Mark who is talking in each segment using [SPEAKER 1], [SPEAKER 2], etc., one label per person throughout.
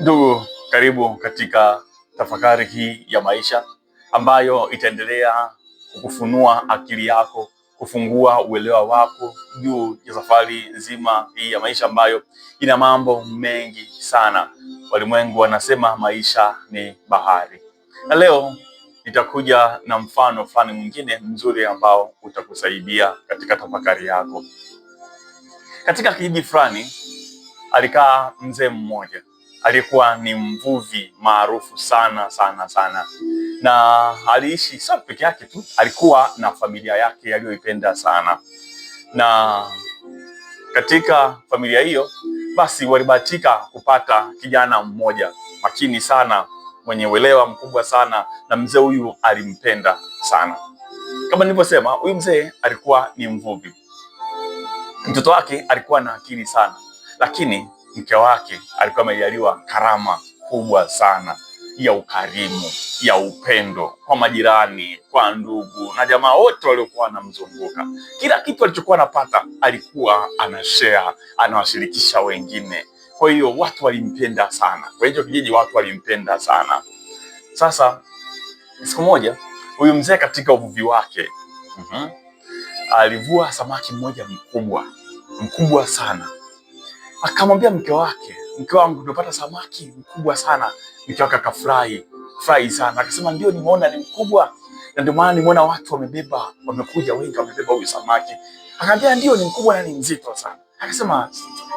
[SPEAKER 1] Ndugu, karibu katika tafakari hii ya maisha ambayo itaendelea kukufunua akili yako, kufungua uelewa wako juu ya safari nzima hii ya maisha ambayo ina mambo mengi sana. Walimwengu wanasema maisha ni bahari, na leo nitakuja na mfano fulani mwingine mzuri ambao utakusaidia katika tafakari yako. Katika kijiji fulani alikaa mzee mmoja alikuwa ni mvuvi maarufu sana sana sana, na aliishi sio peke yake tu, alikuwa na familia yake aliyoipenda sana, na katika familia hiyo basi walibahatika kupata kijana mmoja makini sana mwenye uelewa mkubwa sana, na mzee huyu alimpenda sana. Kama nilivyosema, huyu mzee alikuwa ni mvuvi. Mtoto wake alikuwa na akili sana, lakini mke wake alikuwa amejaliwa karama kubwa sana ya ukarimu, ya upendo kwa majirani, kwa ndugu na jamaa wote waliokuwa wanamzunguka. Kila kitu alichokuwa anapata alikuwa anashea anawashirikisha wengine. Kwa hiyo watu walimpenda sana, kwa hicho kijiji watu walimpenda sana. Sasa siku moja huyu mzee katika uvuvi wake -hmm. alivua samaki mmoja mkubwa mkubwa sana Akamwambia mke wake, mke wangu, tumepata samaki mkubwa sana. Mke wake akafurahi furahi sana, akasema ndio, nimeona ni mkubwa, na ndio maana nimeona watu wamebeba, wamekuja wengi, wamebeba huyu samaki. Akaambia ndio, ni mkubwa na ni mzito sana. Akasema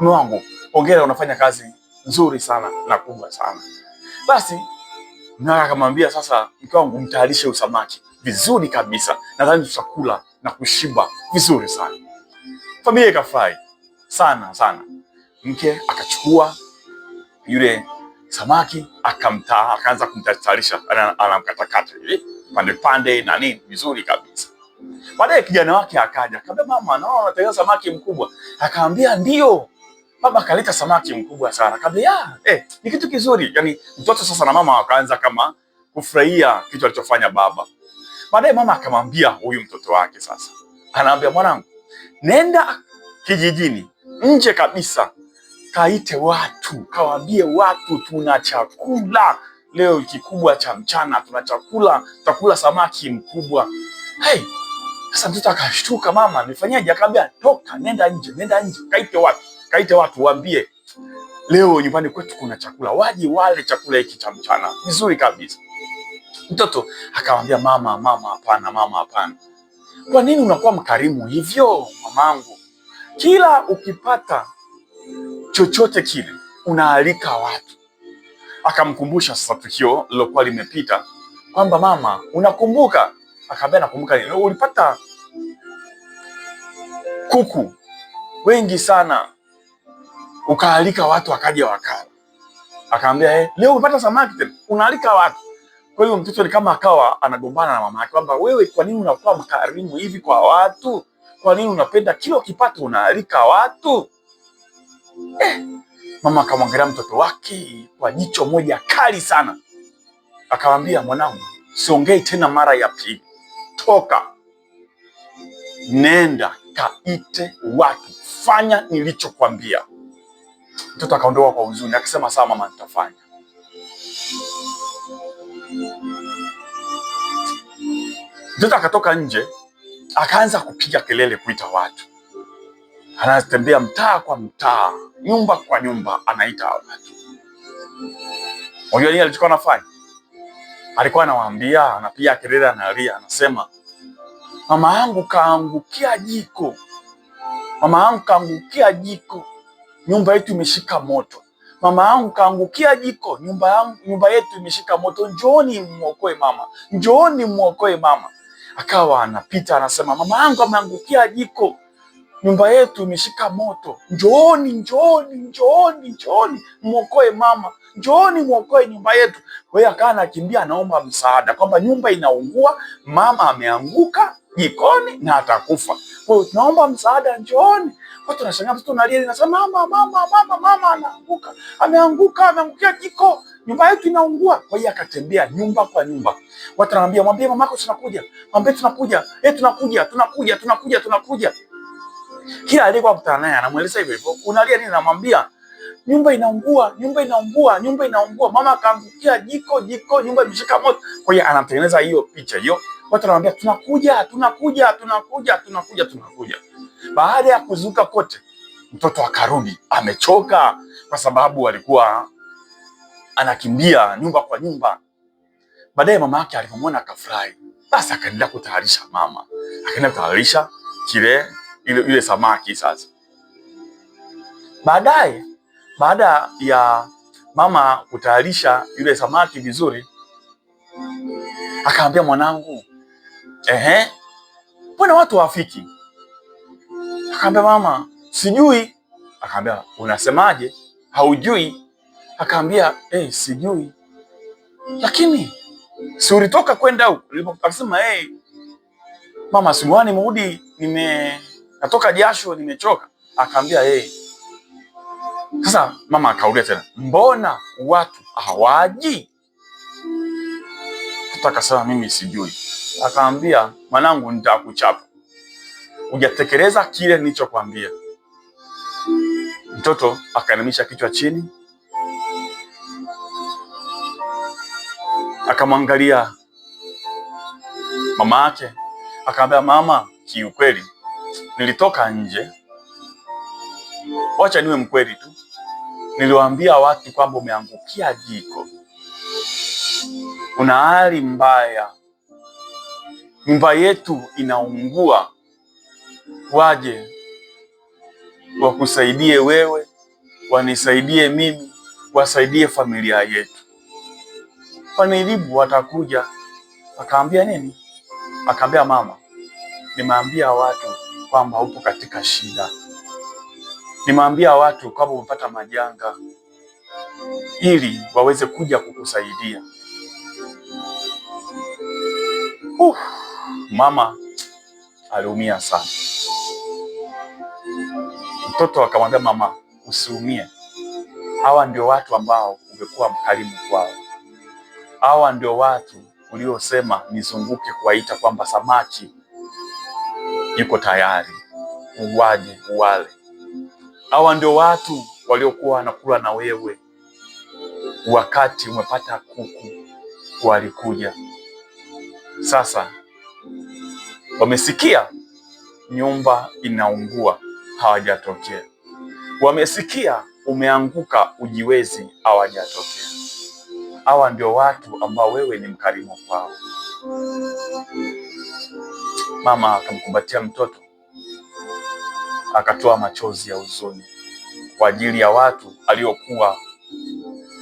[SPEAKER 1] mume wangu, ongera, unafanya kazi nzuri sana na kubwa sana. Basi na akamwambia sasa, mke wangu, mtayarishe huyu samaki vizuri kabisa, nadhani tutakula na kushiba vizuri sana. Familia ikafurahi sana sana mke akachukua yule samaki akamta akaanza kumtayarisha, anamkatakata hivi pande pande na nini vizuri kabisa. Baadaye kijana wake akaja akamwambia, mama, naona unatengeneza samaki mkubwa. Akaambia ndio baba, akaleta samaki mkubwa sana. Akamwambia ya eh, ni kitu kizuri. Yani mtoto sasa na mama wakaanza kama kufurahia kitu alichofanya baba. Baadaye mama akamwambia huyu mtoto wake sasa, anaambia mwanangu, nenda kijijini nje kabisa kaite watu, kawaambie watu tuna chakula leo kikubwa cha mchana, tuna chakula, tutakula samaki mkubwa. Hey, sasa mtoto akashtuka, mama nifanyaje? Akaambia toka, nenda nje, nenda nje, kaite watu, kaite watu, waambie leo nyumbani kwetu kuna chakula, waje wale chakula hiki cha mchana vizuri kabisa. Mtoto akamwambia mama, mama hapana, mama hapana. Kwa nini unakuwa mkarimu hivyo mamangu? Kila ukipata chochote kile, unaalika watu. Akamkumbusha sasa tukio lilokuwa limepita kwamba mama, unakumbuka? Akaambia nakumbuka, ulipata kuku wengi sana ukaalika watu wakaja wakala. Akaambia eh, leo umepata samaki tena, unaalika watu. Kwa hiyo mtoto ni kama akawa anagombana na mama yake kwamba wewe, kwa nini unakuwa mkarimu hivi kwa watu? Kwa nini unapenda kila kipato unaalika watu? eh. Mama akamwangalia mtoto wake kwa jicho moja kali sana, akamwambia mwanangu, siongei tena mara ya pili, toka, nenda kaite watu, fanya nilichokwambia. Mtoto akaondoka kwa huzuni akisema, sawa mama, nitafanya. Mtoto akatoka nje akaanza kupiga kelele kuita watu anatembea mtaa kwa mtaa, nyumba kwa nyumba, anaita watu. Unajua nini alichokuwa anafanya? Alikuwa anawaambia, anapiga kelele, analia, anasema mama yangu kaangukia jiko, mama yangu kaangukia jiko, nyumba yetu imeshika moto, mama yangu kaangukia jiko, nyumba yangu, nyumba yetu imeshika moto, njooni mwokoe mama, njooni mwokoe mama. Akawa anapita anasema, mama yangu ameangukia jiko nyumba yetu imeshika moto, njooni, njooni, njooni, njooni mwokoe mama, njooni mwokoe nyumba yetu. Kwa hiyo akaa anakimbia, anaomba msaada kwamba nyumba inaungua, mama ameanguka jikoni na atakufa. Kwa hiyo tunaomba msaada, njooni. Watu wanashangaa, mtoto analia, anasema mama, mama, mama, mama anaanguka, ameanguka, ameangukia jiko, nyumba yetu inaungua. Kwa hiyo akatembea nyumba kwa nyumba, watu wanamwambia, mwambie mamako tunakuja, mwambie tunakuja, eh, tunakuja, tunakuja, tunakuja, tunakuja kila aliyekuwa kukutana naye anamweleza hivyo hivyo. Unalia nini? Namwambia nyumba inaungua, nyumba inaungua, nyumba inaungua, mama akaangukia jiko, jiko, nyumba imeshika moto. Kwa hiyo anatengeneza hiyo picha hiyo. Watu wanamwambia tunakuja, tunakuja, tunakuja, tunakuja, tunakuja. Baada ya kuzuka kote, mtoto akarudi amechoka, kwa sababu alikuwa anakimbia nyumba kwa nyumba. Baadaye mama yake alipomwona akafurahi, basi akaendelea kutayarisha mama, akaendelea kutayarisha kile ile, ile samaki sasa. Baadaye, baada ya mama kutayarisha yule samaki vizuri, akaambia mwanangu, ehe, mbona watu hawafiki? Akaambia mama, sijui. Akaambia unasemaje, haujui? Akaambia eh, sijui, lakini si ulitoka kwenda huko? Akasema eh, mama, simuani mudi nime natoka jasho, nimechoka. Akaambia yeye. Sasa mama akaulia tena, mbona watu hawaji? Mtoto akasema mimi sijui. Akaambia mwanangu, nitakuchapa ujatekeleza kile nilichokwambia. Mtoto akainamisha kichwa chini, akamwangalia mama yake, akaambia mama, kiukweli nilitoka nje, wacha niwe mkweli tu, niliwaambia watu kwamba umeangukia jiko, una hali mbaya, nyumba yetu inaungua, waje wakusaidie wewe, wanisaidie mimi, wasaidie familia yetu. Wanilibu watakuja. Akaambia nini? Akaambia mama, nimeambia watu kwamba upo katika shida. Nimeambia watu kwamba umepata majanga ili waweze kuja kukusaidia. Uf, mama aliumia sana. Mtoto akamwambia mama, usiumie, hawa ndio watu ambao umekuwa mkarimu kwao, hawa ndio watu uliosema nizunguke kuwaita kwamba samaki iko tayari uwaje uwale. Hawa ndio watu waliokuwa wanakula na wewe wakati umepata kuku, walikuja. Sasa wamesikia nyumba inaungua, hawajatokea. Wamesikia umeanguka ujiwezi, hawajatokea. Hawa ndio watu ambao wewe ni mkarimu kwao. Mama akamkumbatia mtoto, akatoa machozi ya huzuni kwa ajili ya watu aliokuwa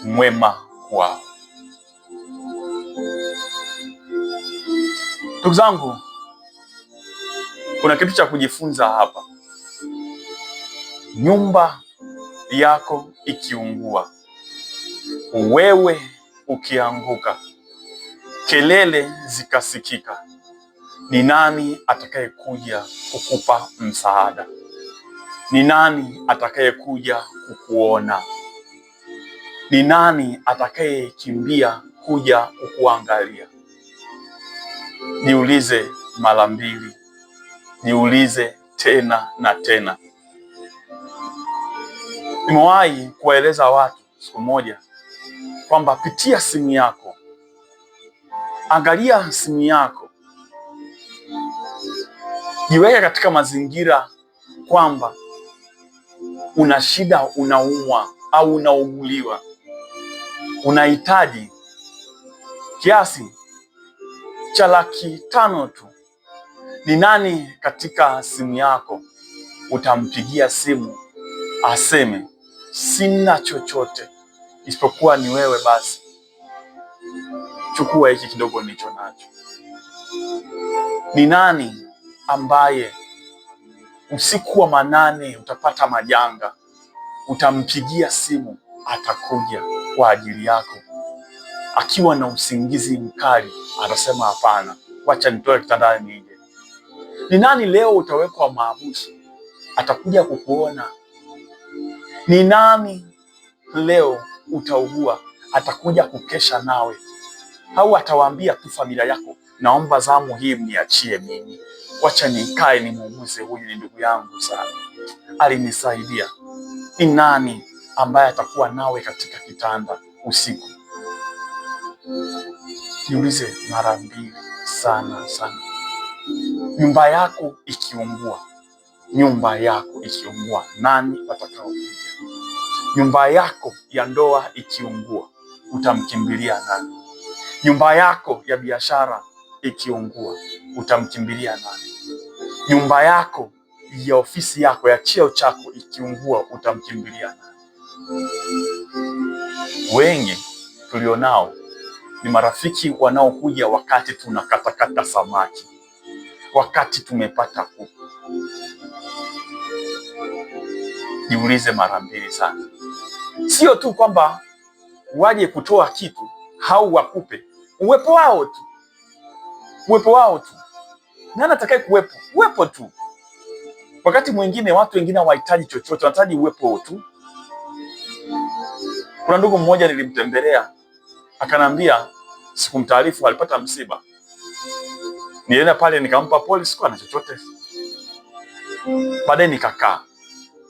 [SPEAKER 1] mwema kwao. Ndugu zangu, kuna kitu cha kujifunza hapa. Nyumba yako ikiungua, wewe ukianguka, kelele zikasikika ni nani atakayekuja kukupa msaada? Ni nani atakayekuja kukuona? Ni nani atakayekimbia kuja kukuangalia? niulize mara mbili, niulize tena na tena. Nimewahi kuwaeleza watu siku moja kwamba pitia simu yako, angalia simu yako Jiweke katika mazingira kwamba una shida, unaumwa au unauguliwa, unahitaji kiasi cha laki tano tu. Ni nani katika simu yako utampigia simu aseme sina chochote isipokuwa ni wewe? Basi chukua hiki kidogo nicho nacho. Ni nani ambaye usiku wa manane utapata majanga, utampigia simu, atakuja kwa ajili yako. Akiwa na usingizi mkali, atasema hapana, wacha nitoe kitandani nije. Ni nani leo utawekwa maamuzi atakuja kukuona? Ni nani leo utaugua atakuja kukesha nawe, au atawaambia tu familia yako, naomba zamu hii mniachie mimi wacha nikae nimuulize, huyu ni ndugu yangu sana, alinisaidia. Ni nani ambaye atakuwa nawe katika kitanda usiku? Jiulize mara mbili sana sana. Nyumba yako ikiungua, nyumba yako ikiungua, nani watakaokuja? Nyumba yako ya ndoa ikiungua, utamkimbilia nani? Nyumba yako ya biashara ikiungua, utamkimbilia nani? nyumba yako ya ofisi yako ya cheo chako ikiungua, utamkimbilia. Wengi tulionao ni marafiki wanaokuja wakati tunakatakata samaki, wakati tumepata kuku. Jiulize mara mbili sana, sio tu kwamba waje kutoa kitu au wakupe uwepo wao tu, uwepo wao tu nani atakaye kuwepo? Uwepo tu. Wakati mwingine watu wengine hawahitaji chochote, wanahitaji uwepo tu. Kuna ndugu mmoja nilimtembelea, akanambia sikumtaarifu, alipata msiba. Nilienda pale nikampa pole, sikuwa na chochote. Baadaye nikakaa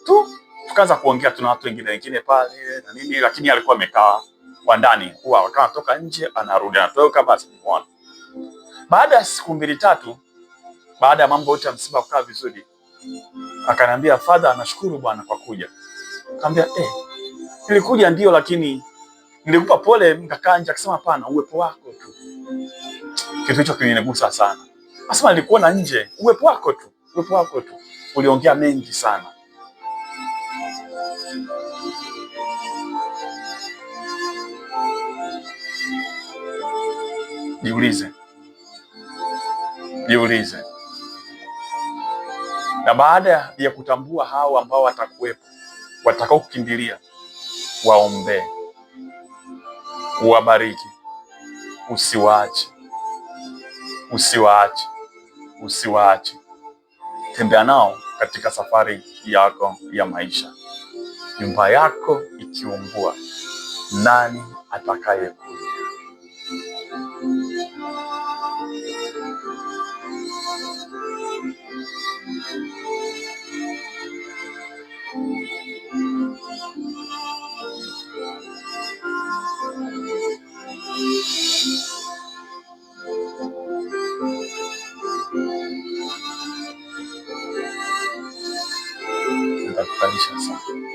[SPEAKER 1] tu, tukaanza kuongea, tuna watu wengine wengine pale na nini, lakini alikuwa amekaa kwa ndani, huwa toka nje anarudi anatoka, basi. Baada ya siku mbili tatu baada ya mambo yote ya msiba kukaa vizuri, akaniambia fadha anashukuru bwana kwa kuja. Kaambia eh, nilikuja ndio, lakini nilikupa pole mkakaa nje. Akasema hapana, uwepo wako tu. Kitu hicho kilinigusa sana. Asema nilikuona nje, uwepo wako tu, uwepo wako tu uliongea mengi sana. Jiulize, jiulize. Na baada ya kutambua hao ambao watakuwepo, watakao kukimbilia, waombee, uwabariki, usiwaache, usiwaache, usiwaache. Tembea nao katika safari yako ya maisha. Nyumba yako ikiungua, nani atakayeku 学科2社さん。